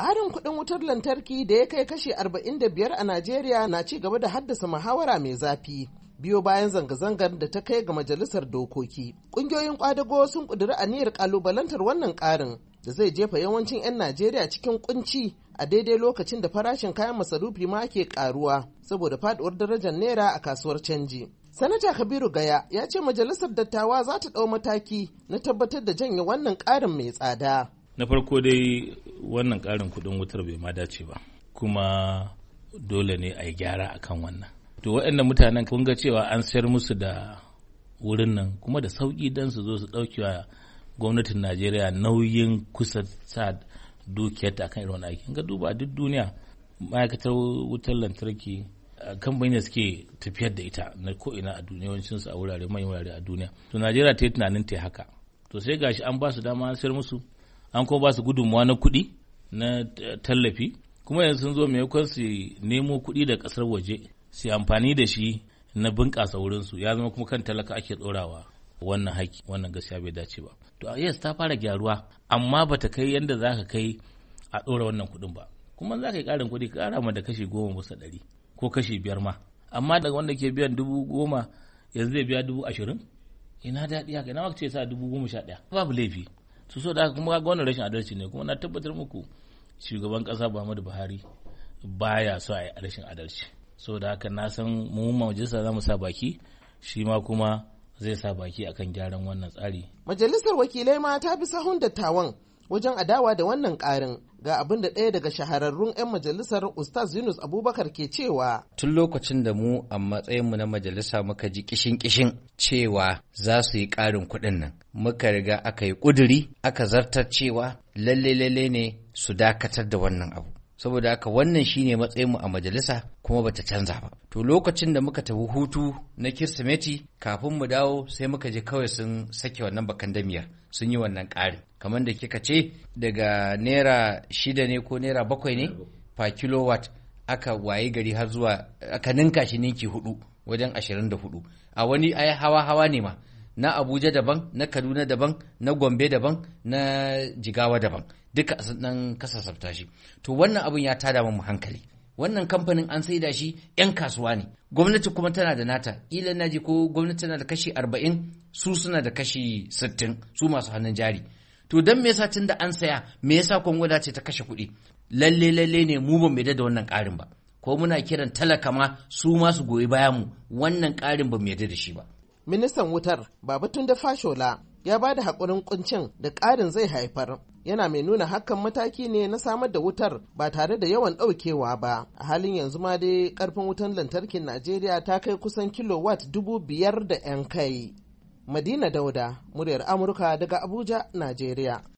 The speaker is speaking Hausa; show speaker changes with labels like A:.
A: Ƙarin kuɗin wutar lantarki da ya kai kashi 45 a Najeriya na ci gaba da haddasa muhawara mai zafi. biyo bayan zanga-zangar da ta kai ga majalisar dokoki. Ƙungiyoyin ƙwadago sun ƙudiri niyyar ƙalubalantar wannan ƙarin da zai jefa yawancin 'yan Najeriya cikin ƙunci a daidai lokacin da farashin kayan masarufi ma ke ƙaruwa saboda faɗuwar darajar naira a kasuwar canji. Sanata Kabiru Gaya ya ce majalisar dattawa za ta ɗau mataki na tabbatar da janye wannan ƙarin mai tsada.
B: Na farko dai wannan karin kuɗin wutar bai ma dace ba kuma dole ne a yi gyara akan wannan to waɗanda mutanen kun ga cewa an sayar musu da wurin nan kuma da sauƙi don su zo su wa gwamnatin najeriya nauyin kusa sa dukiyar ta kan irin wani aiki ga duba duk duniya ma'aikatar wutar lantarki kamfanin da suke tafiyar da ita na ko'ina a duniya wancin su a wurare manyan wurare a duniya to najeriya ta yi tunanin ta yi haka to sai gashi an ba su dama an sayar musu an ko ba su gudunmuwa na kuɗi na tallafi kuma yanzu sun zo maimakon su nemo kuɗi da ƙasar waje su amfani da shi na bunƙasa wurinsu ya zama kuma kan talaka ake ɗorawa wannan haƙi wannan gaskiya bai dace ba to ah, yes ta fara gyaruwa amma bata kai yadda za ka kai a ɗora wannan kuɗin ba kuma za ka yi ƙarin kuɗi ƙara ma da kashi goma bisa ɗari ko kashi biyar ma amma daga wanda ke biyan dubu goma yanzu zai biya dubu ashirin ina daɗi haka ina ce sa dubu goma sha ɗaya babu laifi su so da kuma ga wannan rashin adalci ne kuma na tabbatar muku shugaban kasa Muhammadu Buhari baya so a rashin adalci so da haka na san mu majalisa za mu sa baki shi ma kuma zai sa baki akan gyaran wannan tsari
A: majalisar wakilai ma ta bi sahun dattawan wajen adawa da wannan ƙarin ga abin da ɗaya daga shahararrun 'yan majalisar ustaz yunus abubakar ke cewa
C: tun lokacin da mu a matsayinmu na majalisa muka ji kishin-kishin cewa za su yi ƙarin kuɗin nan muka riga aka yi ƙuduri aka zartar cewa lalle-lalle ne su dakatar da wannan abu saboda haka wannan shine matsayinmu a majalisa kuma bata canza ba to lokacin da muka tafi hutu na kirsimeti kafin mu dawo sai muka je kawai sun sake wannan bakan damiyar sun yi wannan ƙari kamar da kika ce daga naira shida ne ko naira bakwai ne per kilowatt aka waye gari har zuwa aka ninka shi ninki hudu wajen ashirin da hudu a wani ai hawa hawa ne ma na abuja daban na kaduna daban na gombe daban na jigawa daban duka nan kasa shi to wannan abun ya tada mu hankali wannan kamfanin an saida shi 'yan kasuwa ne gwamnati kuma tana da nata ila naji ko gwamnati tana da kashi arba'in, su suna da kashi 60 su masu hannun jari to don me yasa tun da an saya me yasa kwangwada ce ta kashe kuɗi lalle lalle ne mu mu yarda da wannan ƙarin ba ko muna kiran talaka ma su masu goyi baya mu wannan ƙarin ba mu yarda da shi ba
A: ministan wutar da fashola ya ba da haƙurin ƙuncin da ƙarin zai haifar yana mai nuna hakan mataki ne na samar da wutar ba tare da yawan ɗaukewa ba a halin yanzu ma dai ƙarfin wutar lantarkin najeriya ta kai kusan kilowatt dubu biyar da 'yan kai madina dauda muryar amurka daga abuja najeriya